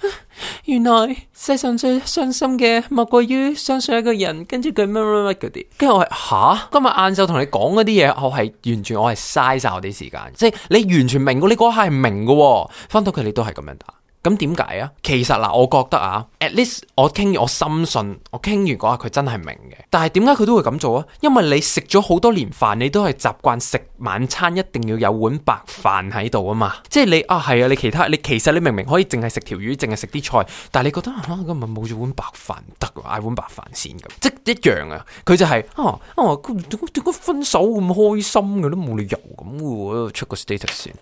Speaker 1: 原來世上最傷心嘅，莫過於相信一個人，跟住佢乜乜乜嗰啲。跟住我係吓，今日晏晝同你講嗰啲嘢，我係完全我係嘥晒我啲時間，即係你完全明嘅，你嗰一刻係明嘅。翻到佢你都係咁樣打。咁點解啊？其實嗱，我覺得啊，at least 我傾我深信我傾完嗰下佢真係明嘅。但係點解佢都會咁做啊？因為你食咗好多年飯，你都係習慣食晚餐一定要有碗白飯喺度啊嘛。即係你啊，係啊，你其他你其實你明明可以淨係食條魚，淨係食啲菜，但係你覺得啊，咁咪冇咗碗白飯唔得，嗌碗白飯先咁，即一樣啊。佢就係、是、啊，啊，點、啊、解分手咁開心嘅都冇理由咁嘅，出個 status 先。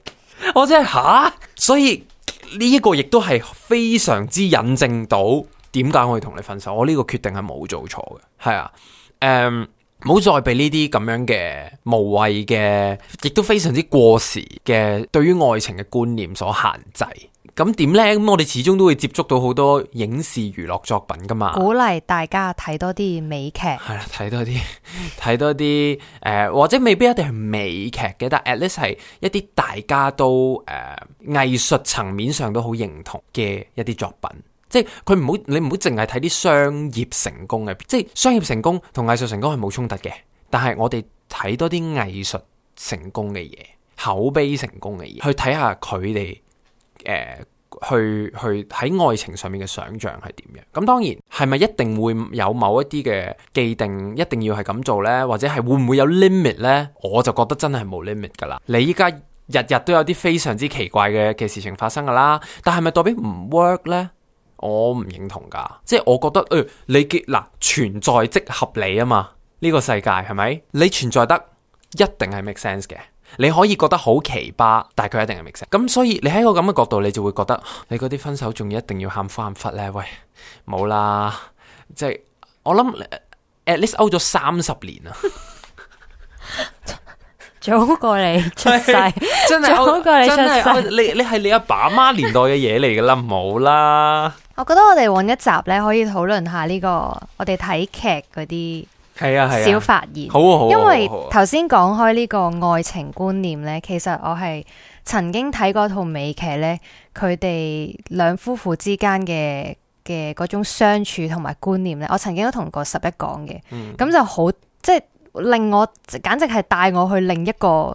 Speaker 1: 我真係吓、啊，所以。呢一個亦都係非常之引證到點解我要同你分手，我呢個決定係冇做錯嘅，係啊，誒、嗯，唔好再畀呢啲咁樣嘅無謂嘅，亦都非常之過時嘅對於愛情嘅觀念所限制。咁點呢？咁我哋始終都會接觸到好多影視娛樂作品噶嘛。鼓
Speaker 2: 勵大家睇多啲美劇，係啦
Speaker 1: 睇多啲，睇多啲，誒、呃，或者未必一定係美劇嘅，但係 at least 係一啲大家都誒藝術層面上都好認同嘅一啲作品。即係佢唔好，你唔好淨係睇啲商業成功嘅，即係商業成功同藝術成功係冇衝突嘅。但係我哋睇多啲藝術成功嘅嘢、口碑成功嘅嘢，去睇下佢哋。誒、呃，去去喺愛情上面嘅想象係點樣？咁當然係咪一定會有某一啲嘅既定，一定要係咁做呢？或者係會唔會有 limit 呢？我就覺得真係冇 limit 噶啦。你依家日日都有啲非常之奇怪嘅嘅事情發生噶啦，但係咪代表唔 work 呢？我唔認同噶，即係我覺得誒、呃，你嘅嗱、呃、存在即合理啊嘛，呢、呢個世界係咪？你存在得一定係 make sense 嘅。你可以覺得好奇葩，但係佢一定係 mix。咁所以你喺個咁嘅角度，你就會覺得你嗰啲分手仲一定要喊翻佛咧？喂，冇啦！即係我諗 at least out 咗三十年啊！
Speaker 2: 早過
Speaker 1: 你出世， 真係早過你出世。你你係你阿爸阿媽年代嘅嘢嚟噶啦，冇啦。
Speaker 2: 我覺得我哋揾一集咧，可以討論下呢個我哋睇劇嗰啲。
Speaker 1: 係啊係啊，少、啊、發言，好啊好啊、因為頭
Speaker 2: 先講開呢個愛情觀念咧，其實我係曾經睇過套美劇咧，佢哋兩夫婦之間嘅嘅嗰種相處同埋觀念咧，我曾經都同過拾壹講嘅，咁就好即係令我簡直係帶我去另一個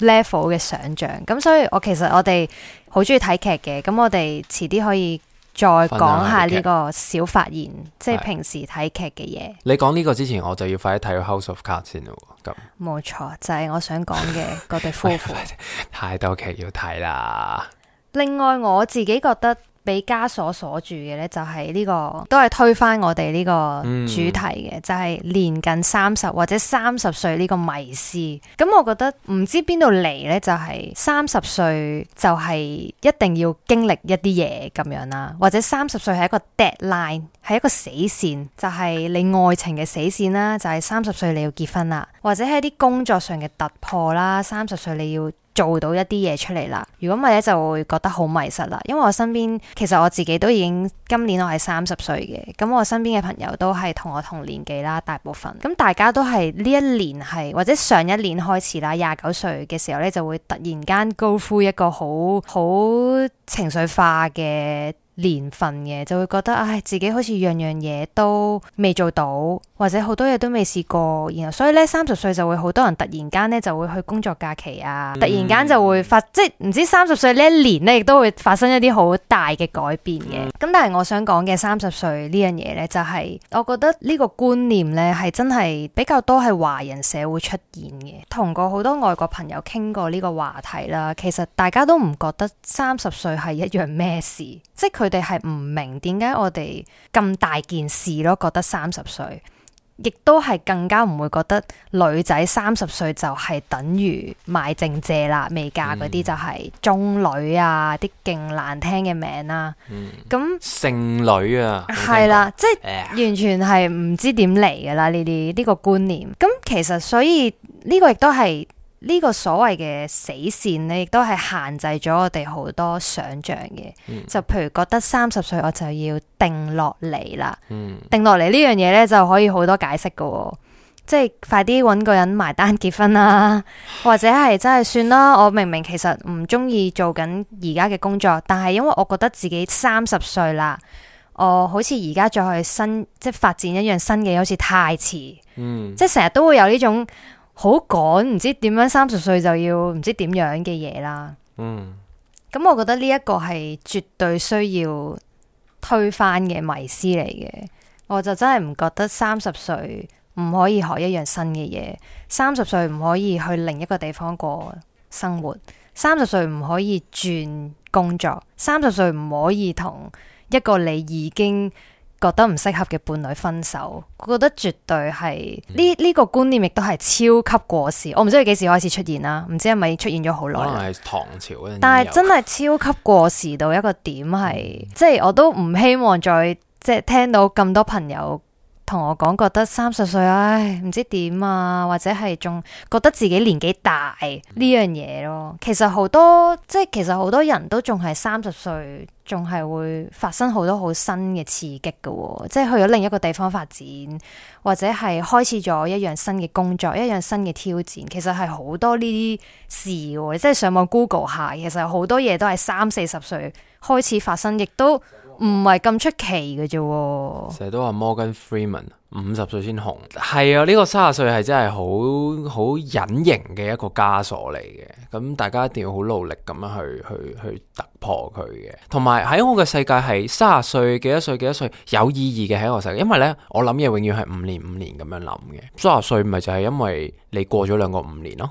Speaker 2: level 嘅想象，咁、嗯、所以我其實我哋好中意睇劇嘅，咁我哋遲啲可以。再講下呢個小發現， 即係平時睇劇嘅嘢。
Speaker 1: 你講呢個之前，我就要快啲睇《House of Cards》先啦。咁
Speaker 2: 冇錯，就係、是、我想講嘅嗰對夫婦。
Speaker 1: 太多劇要睇啦。
Speaker 2: 另外，我自己覺得。被枷鎖鎖住嘅呢，就係呢個都係推翻我哋呢個主題嘅，嗯，就係年近三十或者三十歲呢個迷思。咁我覺得唔知邊度嚟呢，就係三十歲就係一定要經歷一啲嘢咁樣啦，或者三十歲係一個 deadline，係一個死線，就係你愛情嘅死線啦，就係三十歲你要結婚啦，或者係啲工作上嘅突破啦，三十歲你要。做到一啲嘢出嚟啦，如果唔係咧，就會覺得好迷失啦。因為我身邊其實我自己都已經今年我係三十歲嘅，咁我身邊嘅朋友都係同我同年紀啦，大部分咁大家都係呢一年係或者上一年開始啦，廿九歲嘅時候咧就會突然間 go through 一個好好情緒化嘅。年份嘅就會覺得唉、哎，自己好似樣樣嘢都未做到，或者好多嘢都未試過，然後所以咧三十歲就會好多人突然間咧就會去工作假期啊，突然間就會發，即係唔知三十歲呢一年咧亦都會發生一啲好大嘅改變嘅。咁、嗯、但係我想講嘅三十歲呢樣嘢咧，就係、是、我覺得呢個觀念咧係真係比較多係華人社會出現嘅。同過好多外國朋友傾過呢個話題啦，其實大家都唔覺得三十歲係一樣咩事，即係佢。佢哋係唔明點解我哋咁大件事咯，覺得三十歲亦都係更加唔會覺得女仔三十歲就係等於賣剩蔗啦，未嫁嗰啲就係中女啊，啲勁難聽嘅名啦、啊。咁
Speaker 1: 剩、嗯、那女啊，
Speaker 2: 係那啦、過即係唉完全係唔知點嚟噶啦呢啲呢個觀念。咁其實所以呢、呢個亦都係。呢個所謂嘅死線咧，亦都係限制咗我哋好多想象嘅。嗯、就譬如覺得三十歲我就要定落嚟啦，嗯、定落嚟呢樣嘢呢就可以好多解釋噶、哦。即係快啲搵個人埋單結婚啦、啊，或者係真係算啦。我明明其實唔中意做緊而家嘅工作，但係因為我覺得自己三十歲啦，我好似而家再去新即係發展一樣新嘅，好似太遲。嗯、即係成日都會有呢種。好趕，唔知點樣三十歲就要，唔知點樣嘅嘢啦。嗯，咁我覺得呢一個係絕對需要推翻嘅迷思嚟嘅。我就真係唔覺得三十歲唔可以學一樣新嘅嘢，三十歲唔可以去另一個地方過生活，三十歲唔可以轉工作，三十歲唔可以同一個你已經。覺得唔適合嘅伴侶分手，覺得絕對係呢呢個觀念亦都係超級過時。我唔知佢幾時開始出現啦，唔知係咪出現咗好耐。可能係
Speaker 1: 唐朝嗰陣。但係真係
Speaker 2: 超級過時到一個點，係、嗯、即係我都唔希望再即係聽到咁多朋友。同我講，覺得三十歲，唉，唔知點啊，或者係仲覺得自己年紀大呢樣嘢咯。其實好多，即係其實好多人都仲係三十歲，仲係會發生好多好新嘅刺激㗎喎。即係去咗另一個地方發展，或者係開始咗一樣新嘅工作，一樣新嘅挑戰。其實係好多呢啲事喎，即係上網 Google 下，其實好多嘢都係三四十歲開始發生，亦都。唔係咁出奇嘅啫，
Speaker 1: 成日都話 Morgan Freeman 五十歲先紅，係啊，呢個三十歲係真係好好隱形嘅一個枷鎖嚟嘅。咁大家一定要好努力咁樣去去去突破佢嘅。同埋喺我嘅世界係三十歲幾多歲幾多歲有意義嘅喺我世界，因為呢，我諗嘢永遠係五年五年咁樣諗嘅。三十歲唔係就係因為你過咗兩個五年咯，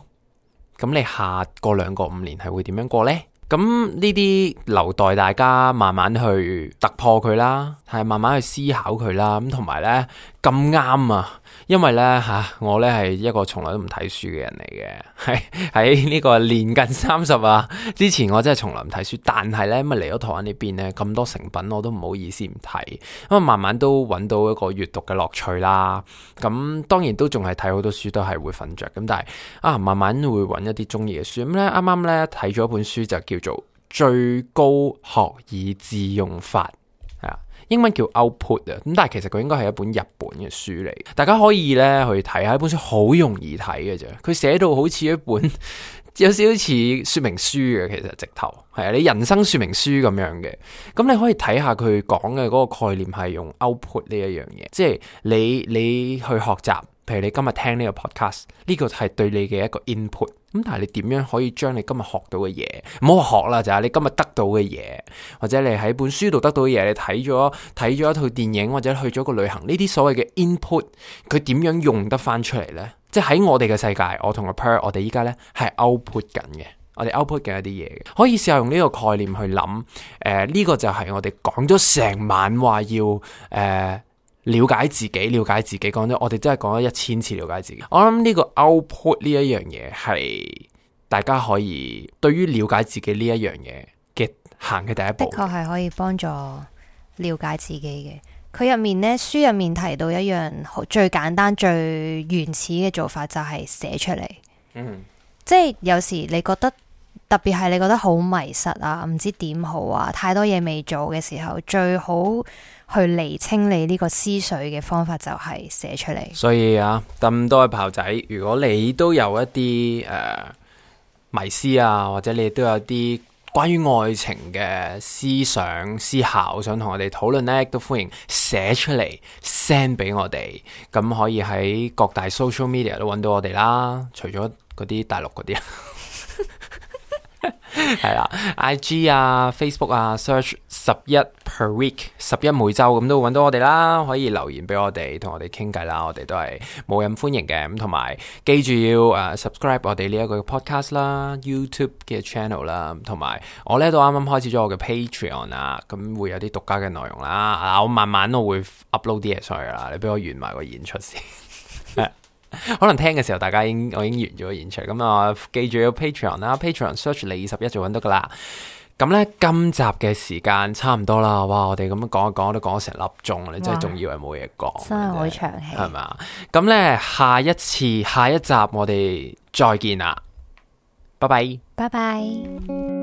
Speaker 1: 咁你下過兩個五年係會點樣過呢？咁呢啲留待大家慢慢去突破佢啦，係慢慢去思考佢啦，咁同埋呢咁啱啊！因為咧吓、啊，我咧係一個從來都唔睇書嘅人嚟嘅，喺喺呢個年近三十啊，之前我真係從來唔睇書，但係咧咪嚟咗台灣呢邊咧，咁多成品我都唔好意思唔睇，咁啊慢慢都揾到一個閱讀嘅樂趣啦。咁當然都仲係睇好多書都，都係會瞓着咁，但係啊慢慢會揾一啲中意嘅書。咁咧啱啱咧睇咗一本書就叫做《最高學以致用法》。英文叫 output 啊，咁但係其實佢應該係一本日本嘅書嚟，大家可以咧去睇下呢本書，好容易睇嘅啫。佢寫到好似一本，有少少似說明書嘅，其實直頭係啊，你人生說明書咁樣嘅。咁你可以睇下佢講嘅嗰個概念係用 output 呢一樣嘢，即係你你去學習，譬如你今日聽呢個 podcast，呢個係對你嘅一個 input。咁但係你點樣可以將你今日學到嘅嘢，唔好學啦，就係你今日得到嘅嘢，或者你喺本書度得到嘅嘢，你睇咗睇咗一套電影，或者去咗一個旅行，呢啲所謂嘅 input，佢點樣用得翻出嚟呢？即係喺我哋嘅世界，我同阿 Per，我哋依家呢係 output 緊嘅，我哋 output 緊一啲嘢嘅，可以試下用呢個概念去諗，誒、呃、呢、這個就係我哋講咗成晚話要誒。呃了解自己，了解自己，講咗我哋真係講咗一千次了解自己。我諗呢個 output 呢一樣嘢係大家可以對於了解自己呢一樣嘢嘅行嘅第一步的，的確係
Speaker 2: 可以幫助了解自己嘅。佢入面呢，書入面提到一樣好最簡單、最原始嘅做法就係寫出嚟。嗯，即係有時你覺得特別係你覺得好迷失啊，唔知點好啊，太多嘢未做嘅時候，最好。去厘清你呢個思緒嘅方法就係寫出嚟。
Speaker 1: 所以啊，咁多位炮仔，如果你都有一啲誒、呃、迷思啊，或者你亦都有啲關於愛情嘅思想思考，想同我哋討論呢，都歡迎寫出嚟 send 俾我哋。咁可以喺各大 social media 都揾到我哋啦，除咗嗰啲大陸嗰啲。 係啦，IG 啊，Facebook 啊，search 十一 per week，十一每周咁都搵到我哋啦，可以留言俾我哋，同我哋傾偈啦，我哋都係冇人歡迎嘅，咁同埋記住要誒 subscribe 我哋呢一個嘅 podcast 啦，YouTube 嘅 channel 啦，同埋我咧都啱啱開始咗我嘅 Patreon 啊，咁會有啲獨家嘅內容啦，啊，我慢慢我會 upload 啲嘢上去啦，你俾我完埋個演出先。 可能聽嘅時候，大家已經我已經完咗現場，咁我記住要 Patreon 啦 ，Patreon search 你二十一就揾到噶啦。咁呢今集嘅時間差唔多啦。哇，我哋咁樣講一講，都講咗成粒鐘，哇你真係仲以為冇嘢講，真係好長氣係嘛？咁呢，下一次下一集我哋再見啦，拜拜，
Speaker 2: 拜拜。